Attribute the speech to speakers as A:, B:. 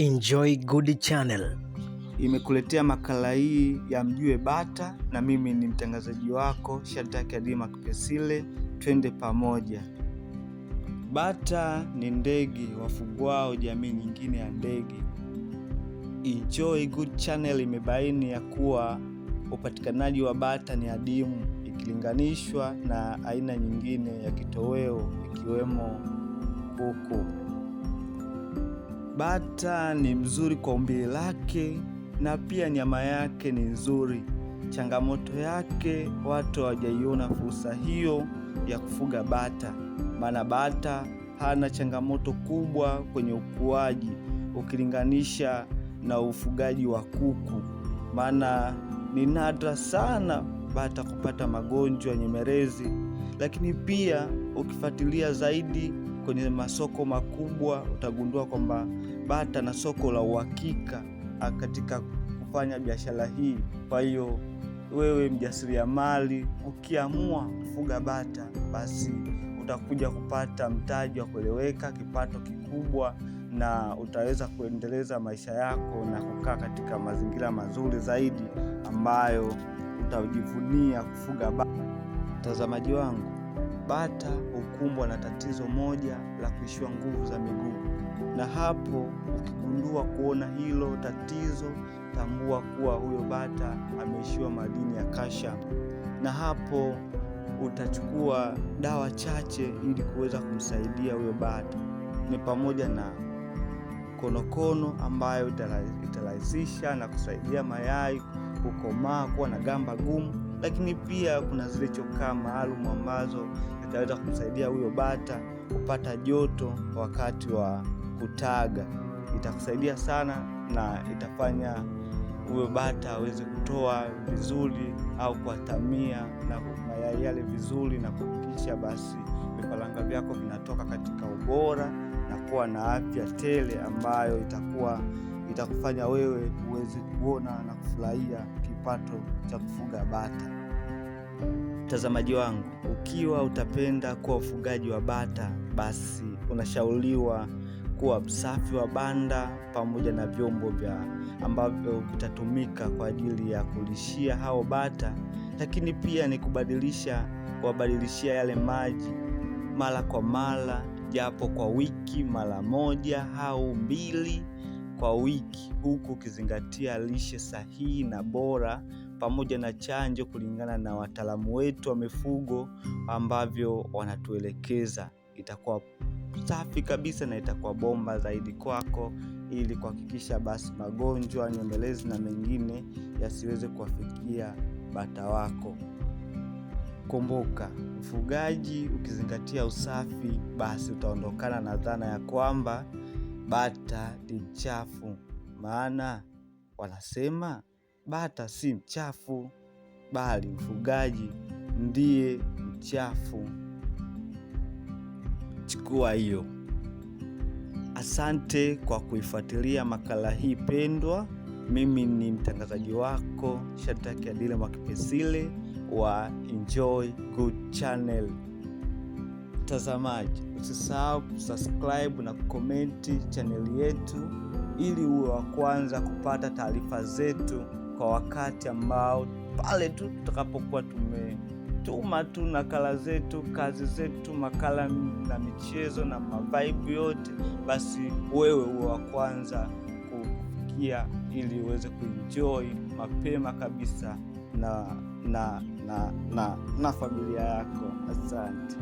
A: Enjoy Good Channel imekuletea makala hii ya Mjue Bata, na mimi ni mtangazaji wako Shataki Adima Kipesile. Twende pamoja. Bata ni ndege wafugwao jamii nyingine ya ndege. Enjoy Good Channel imebaini ya kuwa upatikanaji wa bata ni adimu ikilinganishwa na aina nyingine ya kitoweo ikiwemo kuku. Bata ni mzuri kwa umbile lake na pia nyama yake ni nzuri. Changamoto yake watu hawajaiona fursa hiyo ya kufuga bata, maana bata hana changamoto kubwa kwenye ukuaji ukilinganisha na ufugaji wa kuku, maana ni nadra sana bata kupata magonjwa nyemelezi, lakini pia ukifuatilia zaidi kwenye masoko makubwa, utagundua kwamba bata na soko la uhakika ah, katika kufanya biashara hii. Kwa hiyo wewe mjasiriamali, ukiamua kufuga bata, basi utakuja kupata mtaji wa kueleweka, kipato kikubwa, na utaweza kuendeleza maisha yako na kukaa katika mazingira mazuri zaidi ambayo utajivunia kufuga bata. Mtazamaji wangu bata hukumbwa na tatizo moja la kuishiwa nguvu za miguu, na hapo ukigundua kuona hilo tatizo, tambua kuwa huyo bata ameishiwa madini ya kasha, na hapo utachukua dawa chache ili kuweza kumsaidia huyo bata. Ni pamoja na konokono ambayo itarahisisha na kusaidia mayai kukomaa kuwa na gamba gumu lakini pia kuna zile chokaa maalum ambazo zitaweza kumsaidia huyo bata kupata joto wakati wa kutaga. Itakusaidia sana na itafanya huyo bata aweze kutoa vizuri au kuatamia na mayai yale vizuri, na kuhakikisha basi vifaranga vyako vinatoka katika ubora na kuwa na afya tele ambayo itakuwa itakufanya wewe uweze kuona na kufurahia kipato cha kufuga bata. Mtazamaji wangu, ukiwa utapenda kuwa ufugaji wa bata, basi unashauriwa kuwa msafi wa banda pamoja na vyombo vya ambavyo vitatumika kwa ajili ya kulishia hao bata, lakini pia ni kubadilisha kuwabadilishia yale maji mara kwa mara, japo kwa wiki mara moja au mbili kwa wiki, huku ukizingatia lishe sahihi na bora pamoja na chanjo kulingana na wataalamu wetu wa mifugo ambavyo wanatuelekeza. Itakuwa safi kabisa na itakuwa bomba zaidi kwako, ili kuhakikisha basi magonjwa nyemelezi na mengine yasiweze kuwafikia bata wako. Kumbuka, mfugaji ukizingatia usafi, basi utaondokana na dhana ya kwamba bata ni mchafu, maana wanasema bata si mchafu, bali mfugaji ndiye mchafu. Chukua hiyo. Asante kwa kuifuatilia makala hii pendwa. Mimi ni mtangazaji wako Shataki Adile Mwakipesile wa Enjoy Good Channel mtazamaji, usisahau kusubscribe na kukomenti chaneli yetu ili uwe wa kwanza kupata taarifa zetu kwa wakati ambao pale tu tutakapokuwa tumetuma tu nakala zetu, kazi zetu, makala na michezo na mavaibu yote, basi wewe uwe wa kwanza kufikia ili uweze kuenjoy mapema kabisa na na na na, na familia yako. Asante.